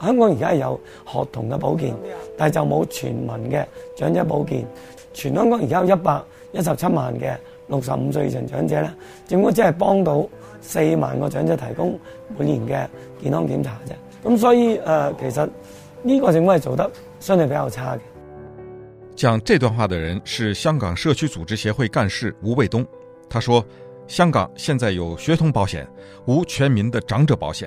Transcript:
香港而家有學童嘅保健，但係就冇全民嘅長者保健。全香港而家有一百一十七萬嘅六十五歲以上長者咧，政府只係幫到四萬個長者提供每年嘅健康檢查啫。咁所以誒、呃，其實呢、這個政府係做得相對比較差嘅。講這段話的人是香港社區組織協會幹事吳衛東，他說：香港現在有學童保險，無全民的長者保險。